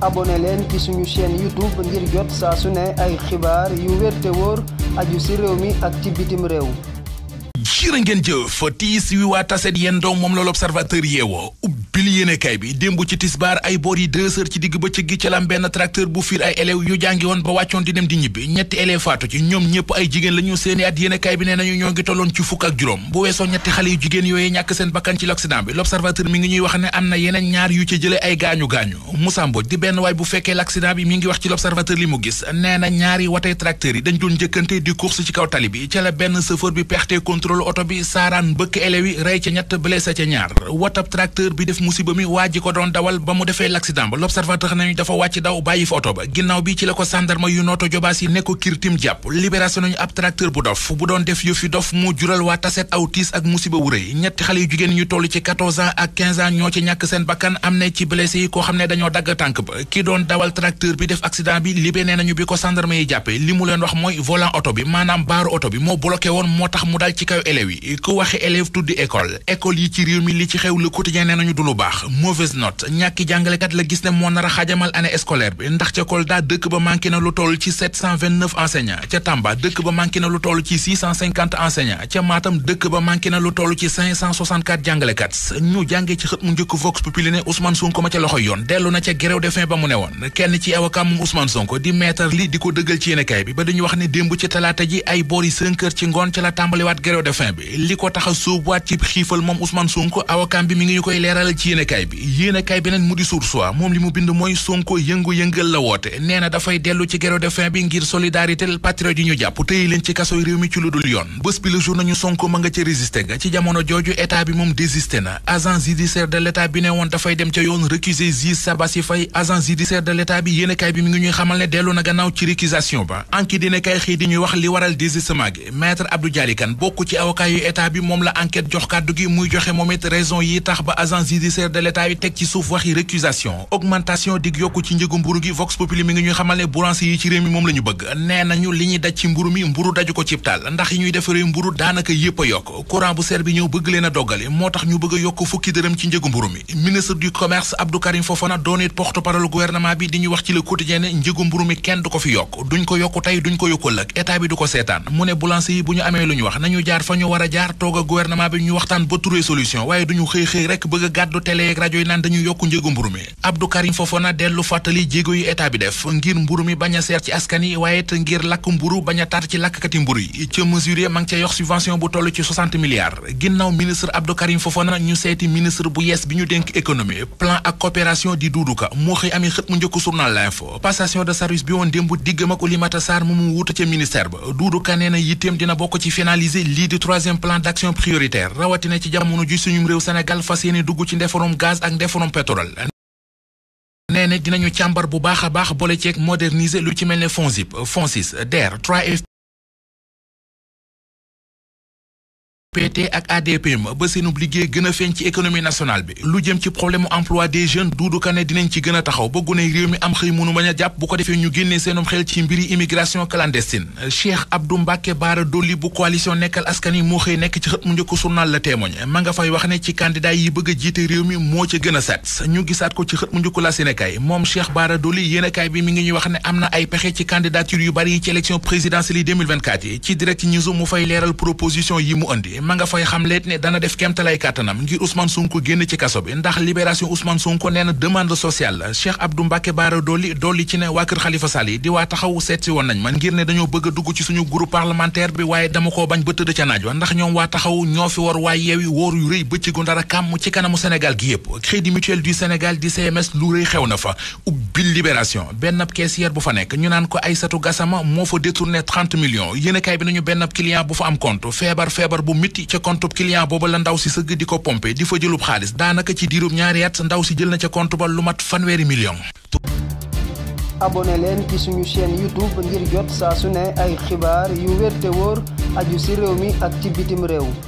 abonné leen ci suñu chaîne YouTube ngir jot saa su ne ay xibaar yu wér te wóor aju ci réew mi ak ci bitim réew. jërë ngeen jëf tiis wi waa taset doom moom la l'observateur yeewoo. pile yéenekaay bi démb ci tisbaar ay boor yi deux ci digg bëccëg gi ca benn tracteur bu fiir ay élèves yu jàngi woon ba wàccoon di dem di ñibbi ñetti élèves faatu ci ñoom ñëpp ay jigéen la seeni at yéenekaay bi nee nañu ñoo ngi tolloon ci fukk ak juróom bu weesoo ñetti xale yu jigéen yooyu ñàkk seen bakkan ci l'accident bi l'observateur mi ngi ñuy wax ne am na yeneen ñaar yu ci jële ay gaañu-gaañu Moussa di benn waay bu fekkee l'accident bi musiba mi waa ko doon dawal ba mu defee l'accident ba l'observateur nañu dafa wàcc daw bàyyi fa oto ba ginnaaw bi ci la ko sandarma yu nooto jobaas yi nekko kirtim jàpp libération nañu ab tracteur bu dof bu doon def yëfi dof mu jural waa taset aw tiis ak musiba wu rëy ñetti xale yu jigéen ñu toll ci ans ak ans ñoo ci ñàkk seen bakkan am na ci blessé yi koo xam ne dañoo dagg tànk ba ki doon dawal tracteur bi def accident bi libé nee nañu bi ko baax mauvaise note ñàkki jàngalekat la gis ne moo xajamal année scolaire bi ndax ca Kolda dëkk ba manqué lu toll ci 729 ca Tamba dëkk ba manqué lu toll ci 650 enseignants ñu jàngee ci xët mu njëkk Vox Populi ne Ousmane Sonko ma ca loxoy yoon dellu na ca grève de faim ba mu ne woon kenn ci avocat moom Ousmane di maître li di ko dëggal ci yéenekaay bi ba dañu wax ne démb ci talaata ji ay boori cinq heures ci ngoon ci la tàmbaliwaat grève ci yéenekaay bi yéenekaay beneen mu di Source moom li mu bind mooy Sonko yëngu-yëngal la woote nee na dafay dellu ci grève de faim bi ngir solidarité patriote yi ñu jàpp tëye leen ci kasoy réew mi ci lu dul yoon bés bi le jour nañu Sonko ma nga ca résister nga ci jamono jooju état bi moom désisté na agence judiciaire de l'état bi ne woon dafay dem ca yoon récuser juge Sabassi Faye agence judiciaire de l'état bi yéenekaay bi mi ngi ñuy xamal ne dellu na gannaaw annonceur de l'État yi teg ci suuf waxi récusation augmentation dig yokku ci njëgu mburu gi Vox Populi mi ngi ñuy xamal ne boulanger yi ci réew mi moom la bëgg nee nañu li ñuy daj ci mburu mi mburu daju ko cib taal ndax yi ñuy defaree mburu daanaka yépp yokk courant bu seer bi ñëw bëgg leen doggale moo tax ñu bëgg a yokk fukki dërëm ci njëgu mburu mi ministre du commerce Abdou Karim Fofana doon it porte-parole gouvernement bi di ñu wax ci le quotidien ne njëgu mburu mi kenn du ko yokk duñ ko ko yokku lëg ko seetaan mu ne boulanger yi a jaar toog a gouvernement bi ñu waxtaan ba taskatu télé yeeg rajo yi naan dañu yokk njëgu mburu mi Abdou Karim Fofana dellu fàttali jéego yu état bi def ngir mburu mi bañ a seer ci askan waaye it ngir lakk mburu bañ a tar ci lakkati mburu yi ca mesure ma ca yox subvention bu toll ci 60 milliards ministre Abdou Karim Fofana ñu seeti ministre bu yees bi ñu dénk économie plan ak coopération di Doudou Ka moo amee xët mu njëkk journal L'Info passation de service bi woon démb diggam ak Oulimata Sarr ndeforom gaz ak ndeforom pétrole nee na dinañu càmbar bu baax a baax bolo ceeg moderniser lu ci mel ne FONSIP FONSIS DER 3 PT ak ADPM ba seenub liggéey gën a feeñ ci économie nationale bi lu jëm ci problème emploi jeune jeunes Doudou Kane dinañ ci gën a taxaw ba gune réew mi am xëy mënu bañ a jàpp bu ko defee ñu génnee seenum xel ci mbiri immigration clandestine Cheikh Abdou Mbacke Baara Dolli bu coalition nekkal askan moo xëy nekk ci xët mu njëkk journal La Témoin ma nga fay wax ne ci candidat yi bëgg a jiite réew mi moo ci gën saat set ñu gisaat ko ci xët mu njëkk la Sénégal bi mi ngi ñuy wax ne am na ay pexe ci candidature yu bari yi ci élection présidentielle yi 2024 yi ci direct news yi mu indi bi ma nga fay xamleet ne dana def kemtalay kàttanam ngir Ousmane Sonko génn ci kaso bi ndax libération Ousmane Sonko nee na demande sociale la Cheikh Abdou Mbacké Bara Dolly dolli ci ne waa kër Khalifa Sall yi di waa taxaw seet si woon nañ man ngir ne dañoo bëgg a dugg ci suñu groupe parlementaire bi waaye dama koo bañ ba tëdd ca naaj wa ndax ñoom waa taxaw ñoo fi war waa yeewi wóor yu rëy bëccëgu ndara kàmm ci kanamu Sénégal gi yépp Crédit di CMS lu rëy fa ubbi libération ñu naan ko Aïssatou Gassama moo fa détourné 30 millions yéenekaay bi nañu benn client bu fa am biti ca compte client la ndaw si sëgg di ko pompe di fa jëlub xaalis daanaka ci diirub ñaari at ndaw si jël na ca compte ba mat fanweeri million abonné leen ci suñu chaîne youtube ngir jot saa su ne ay xibaar yu wér te wóor aju si réew mi ak ci bitim réew